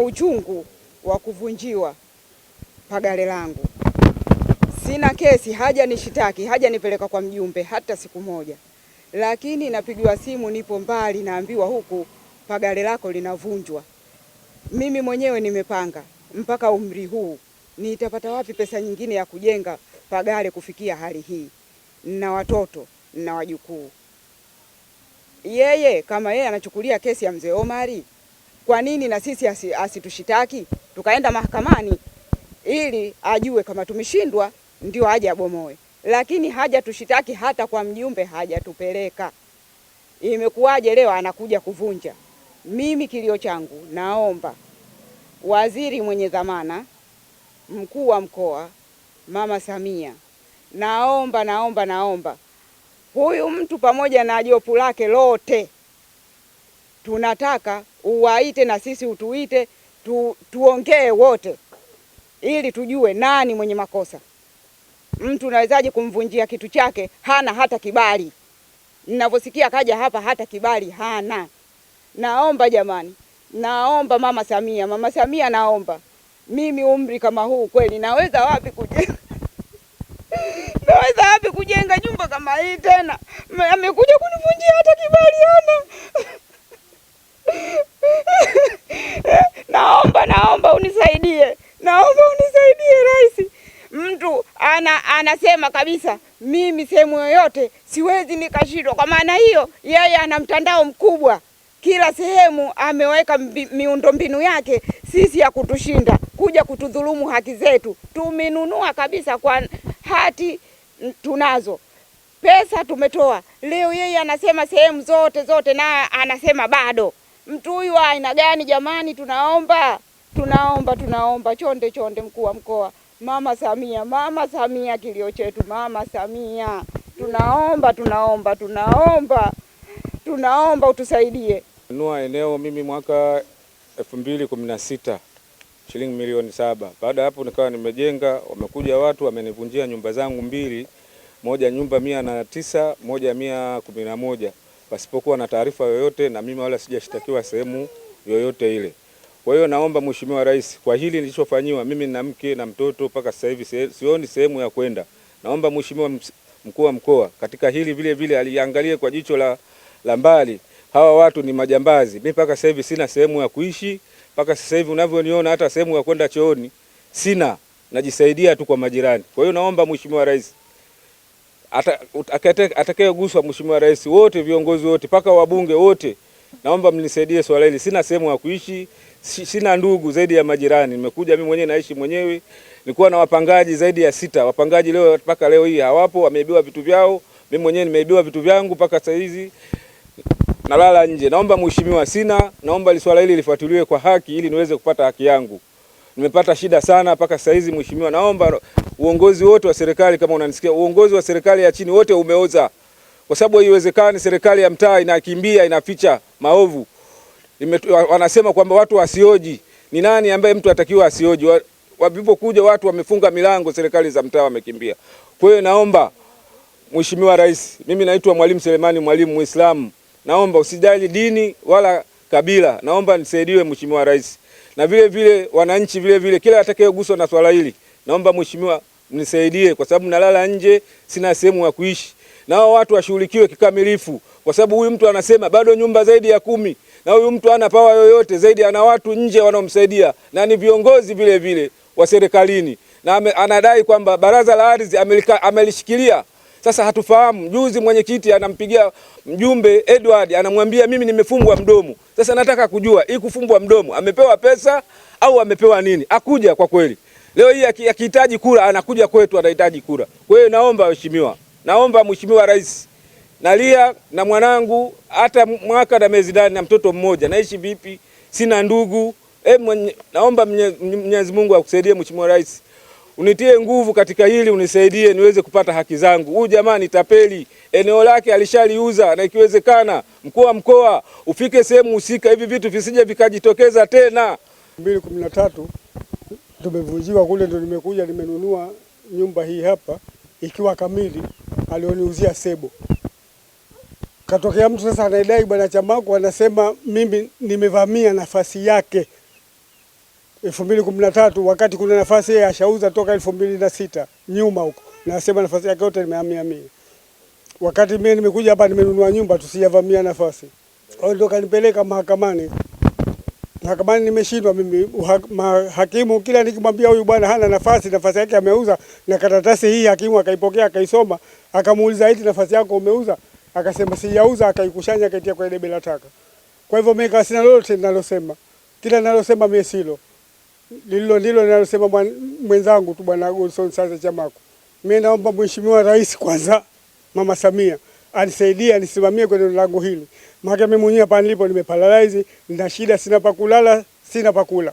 uchungu wa kuvunjiwa pagale langu. Sina kesi, haja nishitaki, haja nipeleka kwa mjumbe hata siku moja, lakini napigiwa simu, nipo mbali, naambiwa huku pagale lako linavunjwa. Mimi mwenyewe nimepanga mpaka umri huu, nitapata wapi pesa nyingine ya kujenga pagale kufikia hali hii? Na watoto na wajukuu. Yeye kama yeye anachukulia kesi ya mzee Omari kwa nini na sisi asitushitaki tukaenda mahakamani ili ajue kama tumeshindwa ndio aje abomoe, lakini haja tushitaki hata kwa mjumbe hajatupeleka. Imekuwaje leo anakuja kuvunja? Mimi kilio changu, naomba waziri mwenye dhamana, mkuu wa mkoa, mama Samia, naomba naomba naomba huyu mtu pamoja na jopu lake lote tunataka uwaite na sisi utuite tu, tuongee wote ili tujue nani mwenye makosa. Mtu unawezaje kumvunjia kitu chake? Hana hata kibali, ninavyosikia kaja hapa hata kibali hana. Naomba jamani, naomba mama Samia, mama Samia, naomba mimi umri kama huu kweli naweza wapi kujenga? naweza wapi kujenga nyumba kama hii tena? Amekuja kunivunjia hata kibali hana. naomba naomba unisaidie, naomba unisaidie rais. Mtu ana, anasema kabisa mimi sehemu yoyote siwezi nikashindwa. Kwa maana hiyo, yeye ana mtandao mkubwa, kila sehemu ameweka miundombinu yake sisi ya kutushinda, kuja kutudhulumu haki zetu. Tumenunua kabisa kwa hati, tunazo pesa tumetoa. Leo yeye anasema sehemu zote zote, na anasema bado mtu huyu wa aina gani jamani? Tunaomba, tunaomba, tunaomba chonde chonde, mkuu wa mkoa, mama Samia, mama Samia, kilio chetu mama Samia, tunaomba, tunaomba, tunaomba, tunaomba utusaidie. nua eneo mimi mwaka elfu mbili kumi na sita shilingi milioni saba. Baada ya hapo nikawa nimejenga, wamekuja watu wamenivunjia nyumba zangu mbili, moja nyumba mia na tisa, moja mia kumi na moja pasipokuwa na taarifa yoyote, na mimi wala sijashtakiwa sehemu yoyote ile. Kwa hiyo naomba Mheshimiwa Rais, kwa hili nilichofanyiwa mimi na mke na mtoto mpaka sasa hivi sioni sehemu ya kwenda. Naomba Mheshimiwa mkuu wa mkoa katika hili vile vile aliangalie kwa jicho la, la mbali. Hawa watu ni majambazi. Mimi mpaka sasa hivi sina sehemu ya kuishi, mpaka sasa hivi unavyoniona hata sehemu ya kwenda chooni sina, najisaidia tu kwa majirani. Kwa hiyo naomba Mheshimiwa Rais atakayeguswa Mheshimiwa Rais, wote viongozi wote mpaka wabunge wote, naomba mnisaidie swala hili. Sina sehemu ya kuishi, sina ndugu zaidi ya majirani, nimekuja mimi mwenyewe, naishi mwenyewe. Nilikuwa na wapangaji zaidi ya sita, wapangaji leo mpaka leo hii hawapo, wameibiwa vitu vyao. Mimi mwenyewe nimeibiwa vitu vyangu mpaka saa hizi nalala nje. Naomba mheshimiwa, sina, naomba swala hili lifuatiliwe kwa haki ili niweze kupata haki yangu. Nimepata shida sana mpaka saa hizi mheshimiwa, naomba uongozi wote wa serikali, kama unanisikia, uongozi wa serikali ya chini wote umeoza, kwa sababu haiwezekani serikali ya mtaa inakimbia inaficha maovu. Wanasema kwamba watu wasioji. Ni nani ambaye mtu atakiwa asioji? Walipokuja watu wamefunga milango, serikali za mtaa wamekimbia. Kwa hiyo naomba Mheshimiwa Rais, mimi naitwa Mwalimu Selemani Mwalimu Muislamu, naomba usijali dini wala kabila, naomba nisaidiwe Mheshimiwa Rais na vile vile wananchi, vile vile kila atakayeguswa na swala hili, naomba Mheshimiwa mnisaidie, kwa sababu nalala nje, sina sehemu ya kuishi. Nao watu washughulikiwe kikamilifu, kwa sababu huyu mtu anasema bado nyumba zaidi ya kumi, na huyu mtu hana pawa yoyote zaidi, ana watu nje wanaomsaidia na ni viongozi vile vile wa serikalini, na anadai kwamba baraza la ardhi amelishikilia. Sasa hatufahamu. Juzi mwenyekiti anampigia mjumbe Edward, anamwambia mimi nimefumbwa mdomo. Sasa nataka kujua hii kufumbwa mdomo amepewa pesa au amepewa nini? Akuja kwa kweli. Leo hii akihitaji kura anakuja kwetu, anahitaji kura. Kwa hiyo naomba mheshimiwa, naomba mheshimiwa rais, nalia na mwanangu hata mwaka na miezi nane na mtoto mmoja, naishi vipi? Sina ndugu e, mwenye, naomba Mwenyezi Mungu akusaidie mheshimiwa rais, unitie nguvu katika hili, unisaidie niweze kupata haki zangu. Huyu jamaa ni tapeli, eneo lake alishaliuza, na ikiwezekana mkuu wa mkoa ufike sehemu husika, hivi vitu visije vikajitokeza tena. 2013 Tumevuziwa kule, ndo nimekuja nimenunua nyumba hii hapa ikiwa kamili, alioniuzia sebo. Katokea mtu sasa anaidai bwana Chamaku, anasema mimi nimevamia nafasi yake elfu mbili kumi na tatu wakati kuna nafasi yeye ashauza toka elfu mbili na sita nyuma huko, na nasema nafasi yake yote nimehamia mimi, wakati mimi nimekuja hapa nimenunua nyumba, tusijavamia nafasi. Ndo kanipeleka mahakamani mahakamani nimeshindwa mimi hakimu, kila nikimwambia huyu bwana hana nafasi, nafasi yake ameuza, na karatasi hii hakimu akaipokea akaisoma, akamuuliza eti nafasi yako umeuza? Akasema sijauza, akaikushanya akaitia kwenye debe la taka. Kwa hivyo mimi sina lolote ninalosema, kila ninalosema mimi silo lilo ndilo ninalosema mwenzangu tu bwana Gonson. sasa Chamaku. Mimi naomba mheshimiwa rais kwanza, mama Samia anisaidie anisimamie kwenye lango hili. Maana mimi mwenyewe hapa nilipo nimeparalyze, nina shida, sina pa kulala, sina pa kula.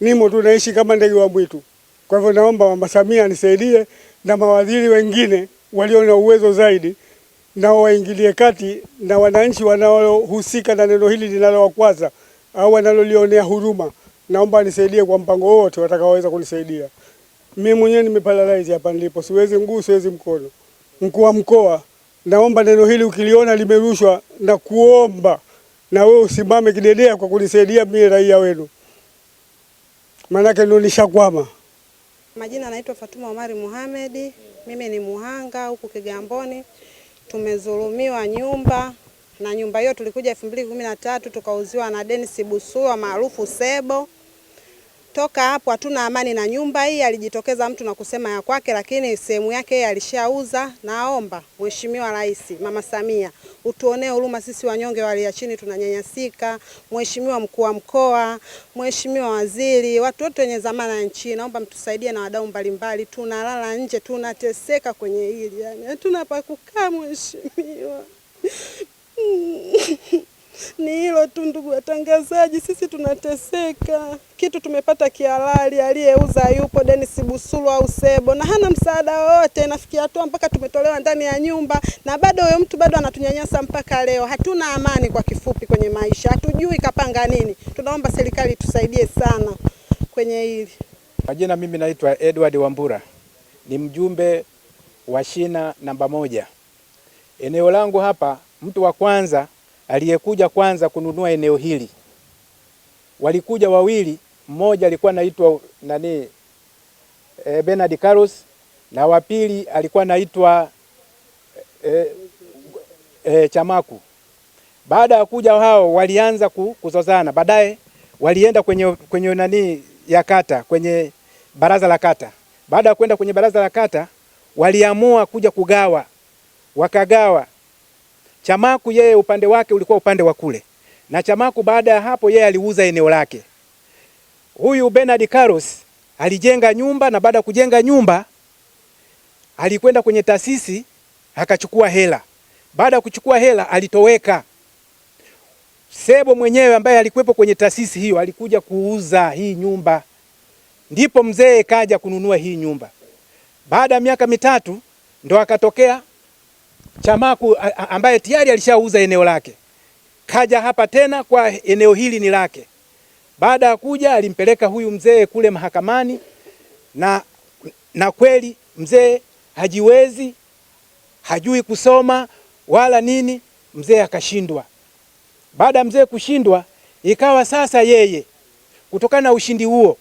Nimo tu naishi kama ndege wa mwitu. Kwa hivyo naomba Mama Samia anisaidie na mawaziri wengine walio na uwezo zaidi na waingilie kati na wananchi wanaohusika na neno hili linalowakwaza au wanalolionea huruma. Naomba nisaidie kwa mpango wote watakaoweza kunisaidia. Mimi mwenyewe nimeparalyze hapa nilipo, siwezi mguu, siwezi mkono. Mkuu wa mkoa naomba neno hili ukiliona limerushwa, na kuomba na wewe usimame kidedea kwa kunisaidia mimi raia wenu, maanake ndio nishakwama. Majina naitwa Fatuma Omari Muhamedi, mimi ni muhanga huku Kigamboni. Tumezulumiwa nyumba na nyumba hiyo tulikuja elfu mbili kumi na tatu tukauziwa na Dennis Busua maarufu Sebo Toka hapo hatuna amani na nyumba hii. Alijitokeza mtu na kusema ya kwake, lakini sehemu yake yeye alishauza. Naomba Mheshimiwa Rais Mama Samia utuonee huruma sisi wanyonge ya chini tunanyanyasika. Mheshimiwa mkuu wa mkoa, Mheshimiwa waziri, watu wote wenye zamana ya nchi, naomba mtusaidie na wadau mbalimbali. Tunalala nje, tunateseka kwenye hili, yani hatuna pa kukaa mheshimiwa Ni hilo tu, ndugu watangazaji, sisi tunateseka. Kitu tumepata kihalali, aliyeuza yupo Dennis Busulu au Sebo na hana msaada wowote. nafikia hatua mpaka tumetolewa ndani ya nyumba, na bado huyo mtu bado anatunyanyasa mpaka leo. Hatuna amani, kwa kifupi, kwenye maisha. Hatujui kapanga nini. Tunaomba serikali tusaidie sana kwenye hili. Majina, mimi naitwa Edward Wambura, ni mjumbe wa shina namba moja. Eneo langu hapa, mtu wa kwanza aliyekuja kwanza kununua eneo hili, walikuja wawili, mmoja alikuwa naitwa nani e, Bernard Carlos na wa pili alikuwa naitwa e, eh, e, eh, Chamaku. Baada ya kuja hao walianza kuzozana, baadaye walienda kwenye, kwenye nani ya kata kwenye baraza la kata. Baada ya kwenda kwenye baraza la kata, waliamua kuja kugawa, wakagawa Chamaku yeye upande wake ulikuwa upande wa kule, na Chamaku baada ya hapo yeye aliuza eneo lake. Huyu Bernard Carlos alijenga nyumba, na baada ya kujenga nyumba alikwenda kwenye taasisi akachukua hela. Baada ya kuchukua hela alitoweka. Sebo mwenyewe ambaye alikuwepo kwenye taasisi hiyo alikuja kuuza hii nyumba, ndipo mzee kaja kununua hii nyumba. Baada ya miaka mitatu ndo akatokea Chamaku ambaye tayari alishauza eneo lake, kaja hapa tena kwa eneo hili ni lake. Baada ya kuja alimpeleka huyu mzee kule mahakamani na, na kweli mzee hajiwezi, hajui kusoma wala nini, mzee akashindwa. Baada ya mzee kushindwa, ikawa sasa yeye kutokana na ushindi huo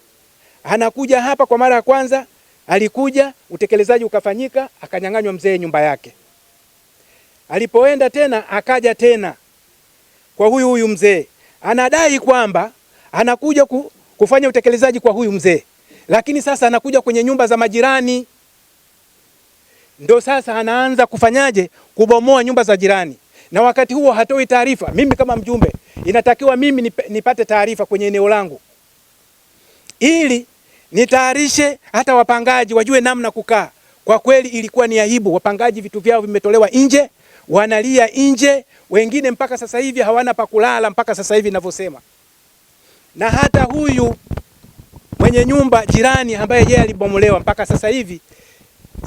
anakuja hapa kwa mara ya kwanza. Alikuja, utekelezaji ukafanyika, akanyang'anywa mzee nyumba yake. Alipoenda tena akaja tena kwa huyu huyu mzee, anadai kwamba anakuja ku, kufanya utekelezaji kwa huyu mzee, lakini sasa anakuja kwenye nyumba za majirani, ndo sasa anaanza kufanyaje, kubomoa nyumba za jirani, na wakati huo hatoi taarifa. Mimi kama mjumbe, inatakiwa mimi nipate taarifa kwenye eneo langu ili nitayarishe hata wapangaji wajue namna kukaa. Kwa kweli ilikuwa ni aibu, wapangaji vitu vyao vimetolewa nje, wanalia nje, wengine mpaka sasa hivi hawana pa kulala mpaka sasa hivi ninavyosema. Na hata huyu mwenye nyumba jirani ambaye yeye alibomolewa, mpaka sasa hivi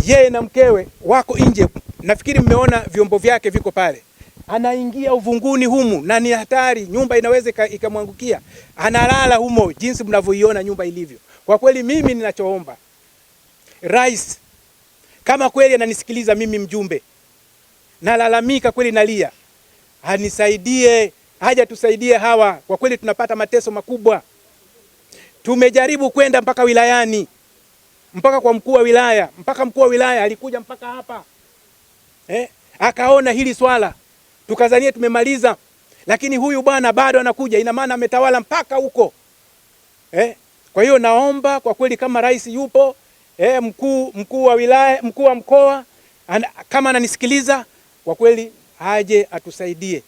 yeye na mkewe wako nje, nafikiri mmeona vyombo vyake viko pale anaingia uvunguni humu na ni hatari, nyumba inaweza ikamwangukia. Analala humo jinsi mnavyoiona nyumba ilivyo. Kwa kweli, mimi ninachoomba rais, kama kweli ananisikiliza mimi mjumbe nalalamika kweli, nalia, anisaidie, haja tusaidie hawa, kwa kweli tunapata mateso makubwa. Tumejaribu kwenda mpaka wilayani, mpaka kwa mkuu wa wilaya, mpaka mkuu wa wilaya alikuja mpaka hapa eh, akaona hili swala, tukazania tumemaliza, lakini huyu bwana bado anakuja, ina maana ametawala mpaka huko eh. Kwa hiyo naomba kwa kweli kama rais yupo eh, mkuu mkuu wa wilaya, mkuu wa mkoa ana, kama ananisikiliza kwa kweli aje atusaidie.